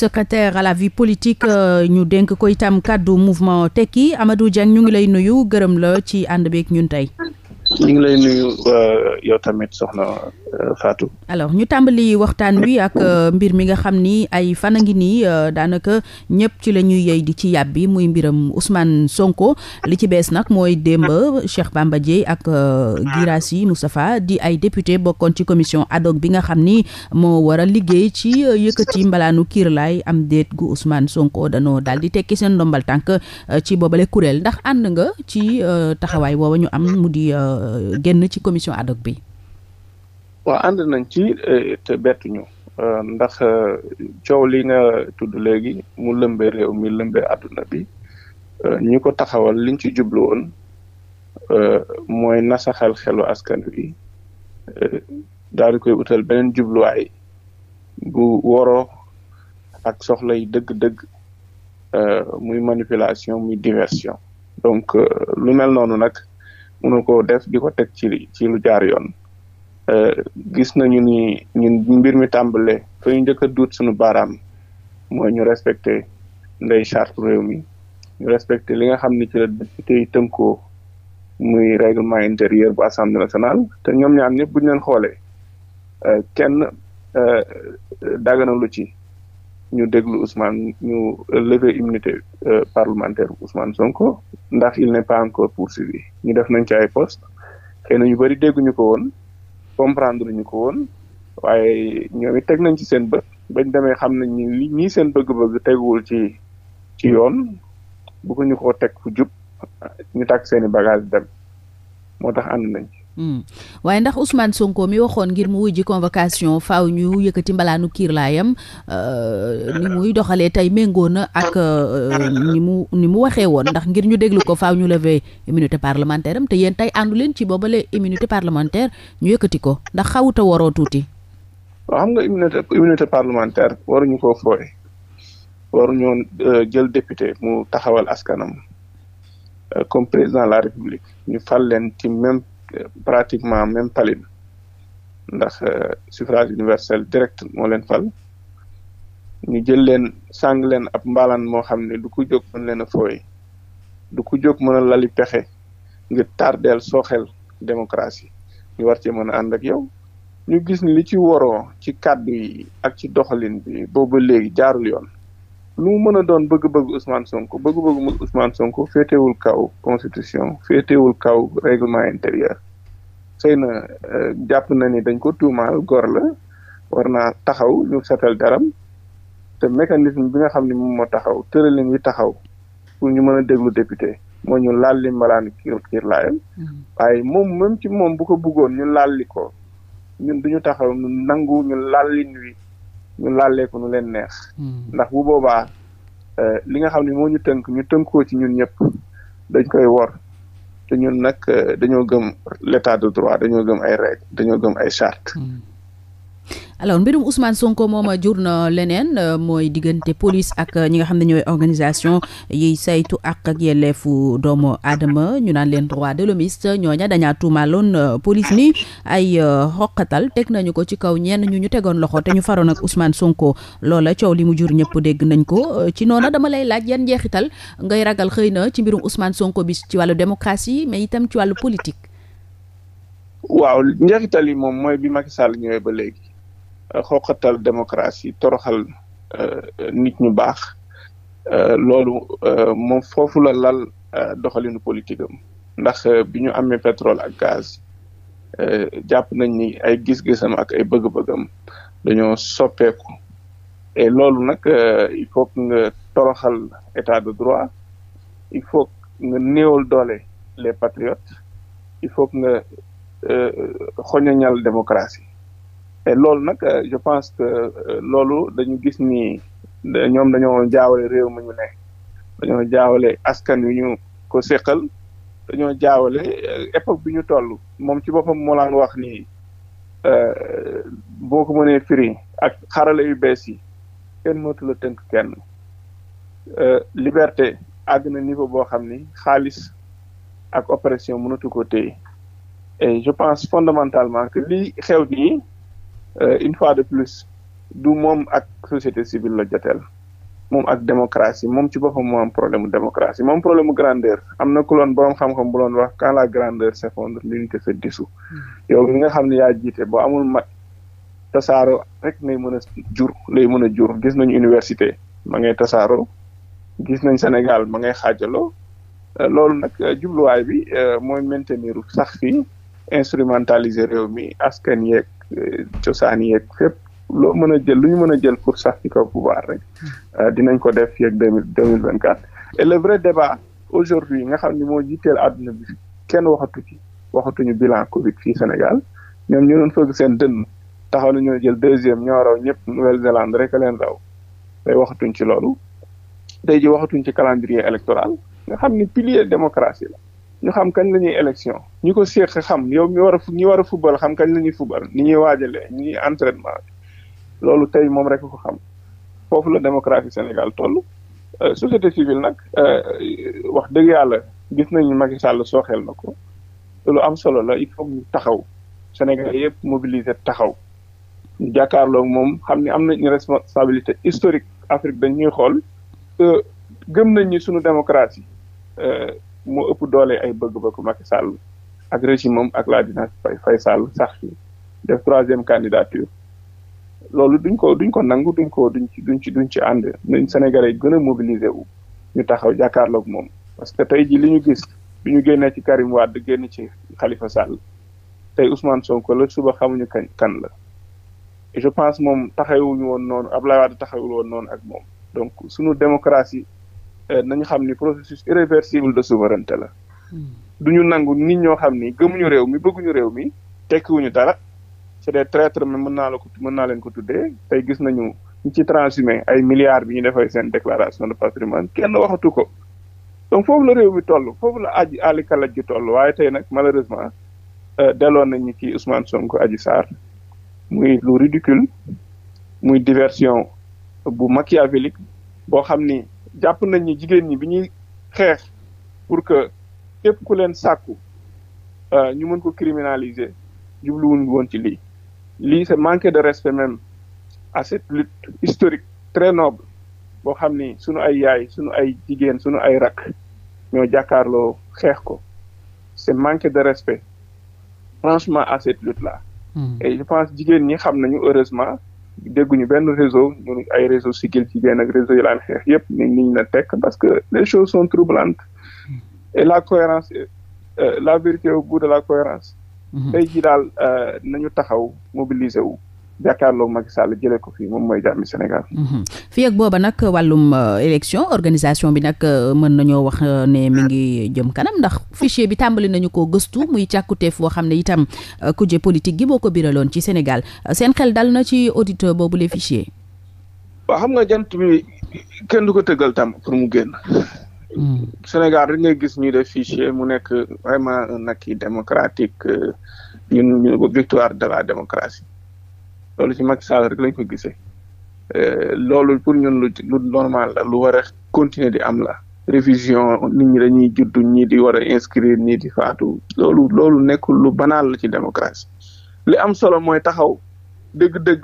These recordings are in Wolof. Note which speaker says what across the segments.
Speaker 1: secrétaire à la vie politique euh, ñu dénk ko itam kàddu mouvement tekki Amadou Dieng ñu ngi lay nuyu gërëm la ci ànd beeg ñun tey
Speaker 2: ñu ngi lay nuyu euh, yow tamit soxna euh, Fatou.
Speaker 1: alors ñu tàmbali waxtaan wi ak euh, mbir mi nga xam ni ay fan a ngi nii daanaka ñëpp ci la ñuy yey di ci yàbbi muy mbiram Ousmane Sonko li ci bees nag mooy démb Cheikh Bamba Dièye ak Guirassy Moustapha di ay député bokkoon ci commission ad hoc bi nga xam ni moo war a liggéey ci yëkkati mbalaanu kiir kiirlaay am déet gu Ousmane Sonko danoo daal di tekki seen ndombal tànk ci boobale kuréel ndax ànd nga ci taxawaay booba ñu am mu génn ci commission ad bi.
Speaker 2: waaw ànd nañ ci eh, te bettuñu euh, ndax euh, coow li nga tudd léegi mu lëmbee réew mu lëmbee àdduna bi euh, ñu ko taxawal liñ ci jublu woon mooy nasaxal xelu askan bi daal koy utal beneen jubluwaay bu woro ak soxla yi dëgg-dëgg muy manipulation muy diversion donc lu mel noonu nag mënu ko def di ko teg ci ci lu jaar yoon eh, gis nañu ni ñun mbir mi tàmbalee fa ñu njëkk a duut suñu baaraam mooy ñu respecte ndey charte réew mi ñu respecté li nga xam ni ci la député yi tënkoo muy règlement intérieur bu assemblée nationale te ñoom ñaam ñëpp bu ñu leen xoolee eh, kenn eh, dagana lu ci ñu déglu Ousmane ñu lever immunité euh, parlementaire bu Ousmane Sonko ndax il n'est pas encore poursuivi ñu def nañ ci ay poste na ñu bëri dégguñu ko woon comprendre ñu ko woon waaye ñoom it teg nañ ci seen bët bañ demee xam nañ ni seen bëgg-bëgg teguwul ci ci yoon bu ko ñu ko teg fu jub ñu takk seeni bagage dem moo tax ànd nañ
Speaker 1: Hmm. waaye ndax Ousmane Sonko mi waxoon ngir mu wujji convocation faaw ñu yëkkati mbalaanu kiirlaayam euh, ni muy doxalee tey méngoo na ak euh, ni mu ni mu waxee woon ndax ngir ñu déglu ko faaw ñu lever immunité parlementaire am te yéen tey àndu leen ci boobale immunité parlementaire ñu yëkkati ko ndax xawuta waroo tuuti.
Speaker 2: waaw xam nga immunité immunité parlementaire waruñu ko fooye waruñoo euh, jël député mu taxawal askanam comme président la république ñu fal leen ci pratiquement même tali bi ndax euh, suffrage universel direct moo leen fal ñu jël leen sàng leen ab mbaalaan moo xam ne du ko jóg mën leen a fooye du ko jóg mën a lali pexe ngir tardeel sooxel démocratie ñu war cee mën a ànd ak yow ñu gis ni li ci waroo ci kàddu yi ak ci doxalin bi booba léegi jaarul yoon lu mu mën a doon bëgg-bëgg Ousmane Sonko bëgg-bëgg Ousmane Sonko féetewul kaw constitution féetewul kaw règlement intérieur xëy na euh, jàpp na ni dañ ko tuumaal gor la war naa taxaw ñu setal daram te mécanisme bi nga xam ne moom moo taxaw tëralin wi taxaw pour ñu mën a déglu député moo ñu laal li mbalaani kiir kiir laayam mm-hmm. waaye moom même ci moom bu ko bëggoon ñu laal li ko ñun duñu taxaw ñu nangu ñu laal lin wi ñu laalee ko nu leen neex. Hmm. ndax bu boobaa euh, li nga xam ne mooñu tënk ñu tënkoo ci ñun ñëpp dañ koy wor te ñun nag euh, dañoo gëm l' de droit dañoo gëm ay règles dañoo gëm ay chartes. Hmm.
Speaker 1: alors mbirum Ousmane Sonko moom a jur na leneen euh, mooy diggante police ak euh, ñi nga xam ne ñooy organisation yi saytu ak ak yelleefu doomu aadama ñu naan leen droit de l'homiste ñooña dañaa tuumaaloon euh, police ni ay xoqatal teg nañu ko ci kaw ñenn ñu ñu tegoon loxo te ñu faroon ak Ousmane Sonko loola coow li mu jur ñëpp dégg nañ ko ci noona dama lay laaj yan njeexital ngay ragal xëy na ci mbirum Ousmane Sonko bi ci wàllu démocratie mais itam ci wàllu
Speaker 2: yi moom mooy bi Macky Sall ñëwee xoqatal démocratie toroxal euh, nit ñu baax euh, loolu euh, moom foofu la lal doxalinu politique ndax bi ñu amee pétrole ak gaz jàpp nañ ni ay gis-gisam ak ay bëgg-bëggam dañoo soppeeku loolu nag il faut nga toroxal état de droit il faut nga néewal doole les patriotes il faut que nga xoñoñal démocratie loolu nag euh, je pense que euh, loolu dañu gis ni ñoom dañoo jaawale réew mañu ñu ne dañoo jaawale askan wi ñu ko séqal dañoo jaawale euh, époque bi ñu toll moom ci boppam moo wax ni boo ko mënee firi ak xarale yu bees yi kenn mënatu la tënk kenn liberté àgg na niveau boo xam ni xaalis ak opération mënatu ko téye et je pense fondamentalement que lii xew nii Euh, une fois de plus du moom ak société civile la joteel moom ak démocratie moom ci boppam moo am problème mu démocratie moom problème mu grandeur am na ku loon borom xam-xam bu loon wax quand la grandeur s'effondre l'unité se dissout hmm. yow mi nga xam ne yaa jiite boo amul mat tasaaro rek ngay mën a jur lay mën a jur gis nañu université ma ngay tasaaro gis nañ Sénégal ma ngay xaajaloo euh, loolu nag euh, jubluwaay bi mooy maintenir sax fii instrumentaliser réew mi askan yeeg cosaan yeeg fépp loo mën a jël lu ñu mën a jël pour sax ci kaw pouvoir rek euh, dinañ ko def fii ak deux mille vingt quatre et le vrai débat aujourd'hui nga xam ni moo jiiteel àdduna bi kenn waxatu ci waxatuñu bilan Covid fii Sénégal ñoom ñu doon fëgg seen dënn taxaw na ñoo jël deuxième ñoo raw ñëpp Nouvelle-Zélande rek a leen raw tey waxatuñ ci loolu tey ji waxatuñ ci calendrier électoral nga xam ni pilier démocratie la ñu xam kañ la ñuy élection ñu ko séq xam yow mi war a ñi wara a fubal xam kañ la ñuy fubal ni ñuy waajalee ni ñuy loolu tey moom rek ko xam foofu la démocratie Sénégal toll. Euh, société civile nag euh, wax dëgg yàlla gis nañu Macky Sall sooxeel na ko lu am solo la il faut ñu taxaw Sénégal yëpp mobiliser taxaw ñu jàkkaarloog moom xam ni am nañu responsabilité historique Afrique dañuy xool euh, gëm nañ suñu sunu démocratie. moo ëpp doole ay bëgg-bëggu Macky Sall ak régime ak la dynastie Faye Sall sax fi def troisième candidature loolu duñ ko duñ ko nangu duñ ko duñ ci duñ ci duñ ci ànd nañ Sénégalais gën a mobiliser wu ñu taxaw jàkkaarloog moom parce que tey ji li ñu gis bi ñu génnee ci Karim Wade génn ci xalifa Sall tey Ousmane Sonko la suba xamuñu kañ kan la je pense moom taxawuñu woon noonu Ablaye Wade taxawul woon noonu ak moom donc suñu démocratie Euh, nañu xam ni processus irréversible de souveraineté la. du ñu nangu nit ñoo xam ni gëmuñu réew mi bëgguñu réew mi tekkiwuñu dara c'est des traîtres mais mën naa la ko mën naa leen ko tudde tey gis nañu ñu ci transhumé ay milliards bi ñu defee seen déclaration de patrimoine kenn waxatu ko. donc foofu la réew mi toll foofu la aj àll kalaj gi toll waaye tey nag malheureusement euh, delloon nañu ci Ousmane Sonko Adji Sarr muy lu ridicule muy diversion bu machiavélique boo xam ni. jàpp nañ ni jigéen ñi bi ñuy xeex pour que képp ku leen sàkku euh, ñu mën ko criminaliser jubluwuñ woon ci lii lii c'est manqué de respect même à cette lutte historique très noble boo xam ni sunu ay yaay sunu ay jigéen sunu ay rakk ñoo jàkkaarloo xeex ko c'est manqué de respect franchement à cette lut la hmm. et je pense jigéen ñi xam nañu heureusement. dégguñu benn réseau ñu ay réseau sigil jigéen ak réseau yi laan xeex yépp ni niñ la tekk parce que les choses sont troublantes et la cohérence euh, la vérité au bout de la cohérence mm-hmm. tey ji daal euh, nañu taxaw mobiliser wu jàkkaarloo Macky Sall jëlee ko fii moom mooy jàmmi Sénégal.
Speaker 1: Mhm. fii ak booba nag wàllum euh, élection organisation bi nag euh, mën nañoo wax euh, ne mi ngi jëm kanam ndax fichier bi tàmbali nañu ko gëstu muy càkkuteef boo xam ne itam kuje politique gi boo ko biraloon ci Sénégal seen xel dal na ci auditeur boobu les fichiers.
Speaker 2: waa xam nga jant bi kenn du ko tëggal tam pour mu génn. Hmm. Sénégal rek ngay gis ñu def fichier mu nekk vraiment un acquis démocratique ñun ñu victoire de loolu ci mag Sall rek lañu ko gisee euh, loolu pour ñun lu lu normal la lu war a continuer di am la révision nit ñi dañuy juddu ñii di war a inscrire ñii di faatu loolu loolu nekkul lu banal la ci démocratie li am solo mooy taxaw dëgg-dëgg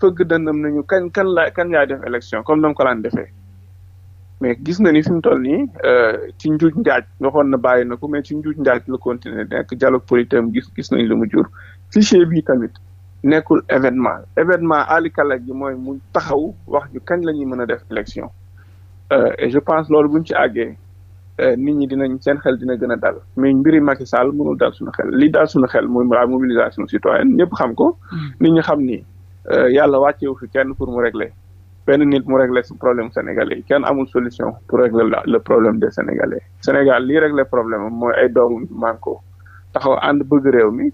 Speaker 2: fëgg dëndam nañu kañ kan la kan laa def élection comme dama ko laan defee mais gis na ni fi mu toll nii euh, ci njuuj njaaj waxoon na bàyyi na ko mais ci njuuj njaaj la continuer nekk dialogue politique gis gis nañ lu mu jur cliché bi tamit nekkul événement événement alikala ji mooy mu taxaw wax ju kañ la ñuy mën a def élection euh, et je pense loolu buñ ci àggee euh, nit ñi dinañ seen xel dina gën a dal mais mbiri Macky Sall mënul dal suñu xel li dal suñu xel mooy la mobilisation citoyenne ñëpp xam ko hmm. nit ñi xam ni euh, yàlla wàccewu fi kenn pour mu régler benn nit mu régler su problème sénégalais yi kenn amul solution pour régler le problème de sénégalais Sénégal lii régler problème am mooy ay doomu ko taxaw ànd bëgg réew mi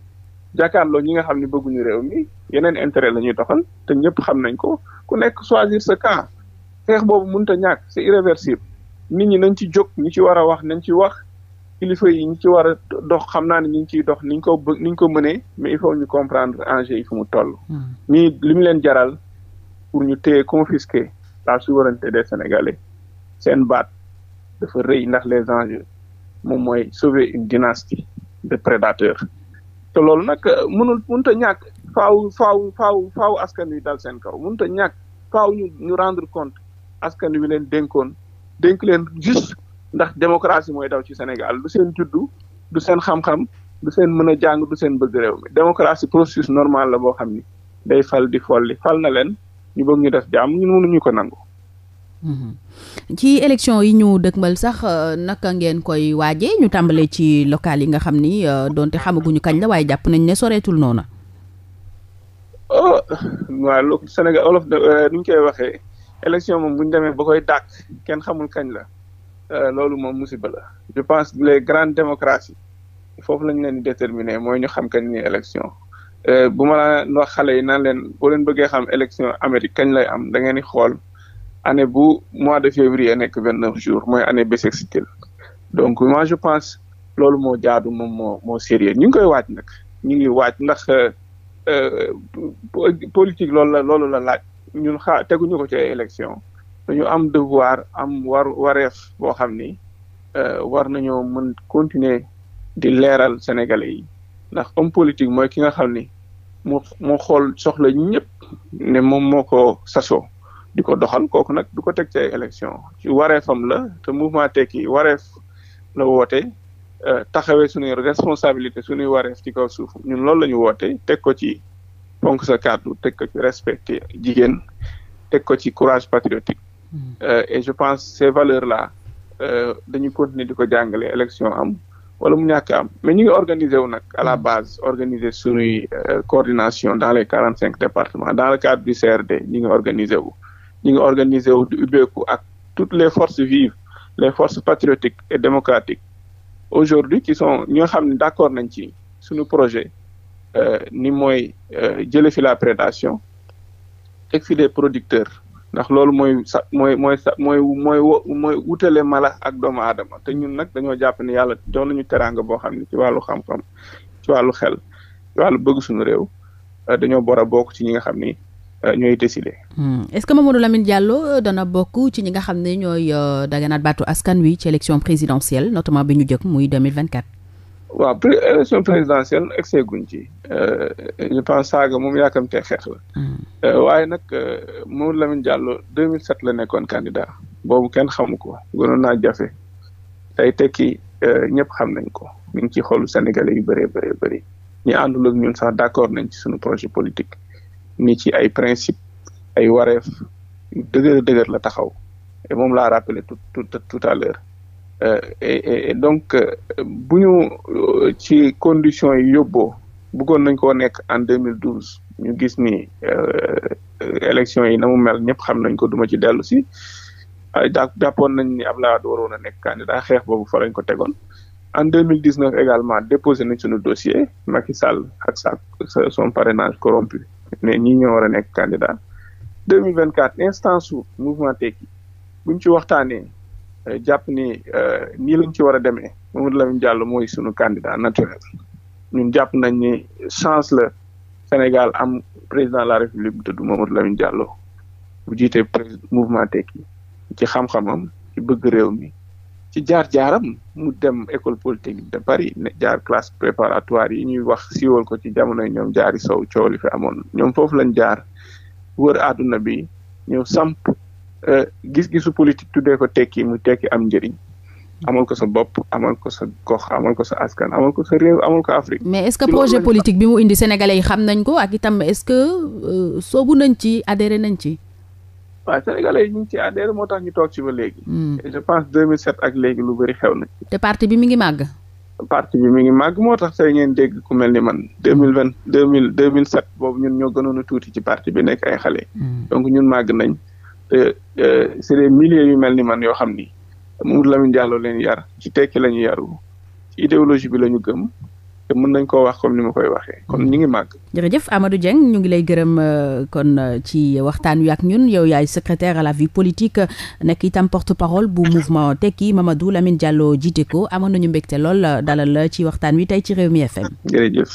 Speaker 2: jàkkaarloo ñi nga xam ne bëgguñu réew mi yeneen intérêt la ñuy doxal te ñëpp xam nañ ko ku nekk choisir sa camp xeex boobu mun a ñàkk c'est irréversible nit ñi nañ ci jóg ñi ci war a wax nañ ci wax kilifa yi ñi ci war a dox xam naa ne ñu ngi ciy dox niñ ko bëgg niñ ko mënee mais il faut ñu comprendre enjeu yi fu mu toll. Hmm. ñii li mu leen jaral pour ñu téye confisquer la souveraineté des Sénégalais seen baat dafa rëy ndax les enjeux moom mooy sauver une dynastie de prédateurs. te loolu nag euh, mënul mënut a ñàkk faaw faaw faaw faaw askan wi dal seen kaw mënut a ñàkk faaw ñu ñu rendre compte askan wi leen dénkoon dénk leen juste ndax démocratie mooy daw ci Sénégal du seen juddu du seen xam-xam du seen mën a jàng du seen bëgg réew mi démocratie processus normal la boo xam ni day fal di folli fal na leen ñu bëgg ñu def jàmm ñun ñu ko nangu.
Speaker 1: ci élection yi ñu dëkkmal sax euh, naka ngeen koy waajee ñu tàmbalee ci local yi nga xam ni euh, donte xamaguñu kañ la waaye jàpp nañ ne soreetul noonu.
Speaker 2: oh waaw loolu Sénégal olof euh, ni ñu koy waxee élection moom bu ñu demee ba koy dàq kenn xamul kañ la loolu moom musiba la je pense les grandes démocraties foofu la leen di déterminer mooy ñu xam kañ ni élection bu ma la wax xale yi naan leen boo leen bëggee xam élection Amérique kañ lay am dangeen ngeen di xool. année bu mois de février nekk vingt neuf jours mooy année bissextile donc moi je pense loolu moo jaadu moom moo moo sérieux ñu ngi koy waaj nag ñu ngi waaj ndax euh, euh, politique loolu la loolu la laaj ñun xa teguñu ko ci ay élection dañu am devoir am war wareef boo xam ni euh, war nañoo mën continuer di leeral Sénégalais yi ndax homme politique mooy ki nga xam ni moo moo xool soxla ñëpp ne moom moo ko saso di ko doxal kooku nag du ko teg ci ay élection ci wareefam la te mouvement tekki wareef la woote euh, taxawee suñuy responsabilité suñuy wareef ci kaw suuf ñun loolu la ñu woote teg ko ci fonk sa kàddu teg ko ci respecter jigéen teg ko ci courage patriotique hmm. euh, et je pense ces valeurs là euh, dañu continuer di ko jàngale élection am wala mu ñàkk am mais ñu ngi organiser wu nag à la hmm. base organiser suñuy coordination dans les quarante cinq départements dans le cadre du CRD ñu ngi wu ñu ngi organisé wu di ak toutes les forces vives les forces patriotiques et démocratiques aujourd'hui qui son ñi nga xam ne d'accord nañ ci suñu projet euh, ni mooy euh, jële fi la prédation teg fi de producteurs ndax loolu mooy sa mooy mooy sa mooy mooy mooy wutale mala ak doomu aadama te ñun nag dañoo jàpp ne yàlla jox nañu teraanga boo xam ne ci wàllu xam-xam ci wàllu xel ci wàllu bëgg suñu réew euh, dañoo bor a bokk ci ñi nga xam ni Euh, ñooy décider.
Speaker 1: Hmm. est-ce que Mamadou Lamine Diallo euh, dana bokk ci ñi nga xam ne ñooy euh, daganaat baatu askan wi ci élection présidentielle notamment bi ñu jëkk muy 2024.
Speaker 2: waaw pré élection présidentielle excès guñ ci je pense saaga moom yaakamtee xeex la. Hmm. waaye nag Mamadou Lamine Diallo 2007 la nekkoon candidat boobu kenn xamu ko gënoon naa jafe tey tekki ñëpp xam nañ ko mi ngi ci xoolu Sénégalais yu bëree bëree bëri ñu àndul ak ñun sax d'accord nañ ci suñu projet politique. ni ci ay principe ay wareef yu dëgër la taxaw et moom laa rappelé tout tout tout à l'heure euh, et, donc euh, bu ñu euh, ci conditions yi yóbboo bëggoon nañ koo nekk en 2012 ñu gis ni élection yi na mu mel ñëpp xam nañ ko duma ci dellu si daa jàppoon nañ ni Abdoulaye Wade waroon a nekk candidat xeex boobu fa lañ ko tegoon en 2019 également déposé nañ suñu dossier Macky Sall ak sa son parrainage corrompu mais ñi ñoo war a nekk candidat deux mille vingt quatre instance su mouvement tekki buñ ci waxtaanee eh, jàpp ni eh, nii lañ ci war a demee Mamadou Lamine Diallo mooy suñu candidat naturel ñun jàpp nañ ni chance la Sénégal am président la République bu tudd Mamadou la Diallo bu jiite mouvement tekki ci xam-xamam ci bëgg réew mi ci jaar-jaaram mu dem école polytechnique de Paris ne jaar classe préparatoire yi ñuy wax siiwal ko ci jamonoy ñoom jaari sow coow li fi amoon ñoom foofu lañ jaar wër àdduna bi ñëw samp euh, gis-gisu politique tuddee ko tekki mu tekki am njëriñ amal ko sa bopp amal ko sa gox amal ko sa askan amal ko sa réew amal ko Afrique. mais est-ce que projet
Speaker 1: politique bi mu indi sénégalais yi xam nañ ko ak itam est-ce que euh, soobu nañ ci adhéré nañ ci.
Speaker 2: waaw sénégalais yi ñu ngi ci adhéré moo tax ñu toog ci ba léegi. Hmm. je pense 2007 ak léegi lu bëri xew na.
Speaker 1: te parti bi mi ngi màgg.
Speaker 2: parti bi mi ngi màgg moo tax tey ngeen dégg ku mel ni man deux mille vingt deux mille deux mille sept boobu ñun ñoo gënoon a tuuti ci parti bi nekk ay xale. Hmm. donc ñun màgg nañ te euh, c'est des milliers yu mel ni man yoo xam ni Mamadou Lamine Diallo leen yar ci tekki la ñu yaru ci idéologie bi la ñu gëm. te mën nañ koo wax comme ni ma koy waxee kon ñu ngi màgg.
Speaker 1: jërëjëf Amadou Dieng ñu ngi lay gërëm euh, kon euh, ci waxtaan wi ak ñun yow yaay secrétaire à la vie politique euh, nekk itam porte-parole bu mouvement Tekki Mamadou Lamine Diallo jiite ko amoon nañu mbégte lool dalal la ci waxtaan wi tey ci réew Rewmi FM.
Speaker 2: jërëjëf.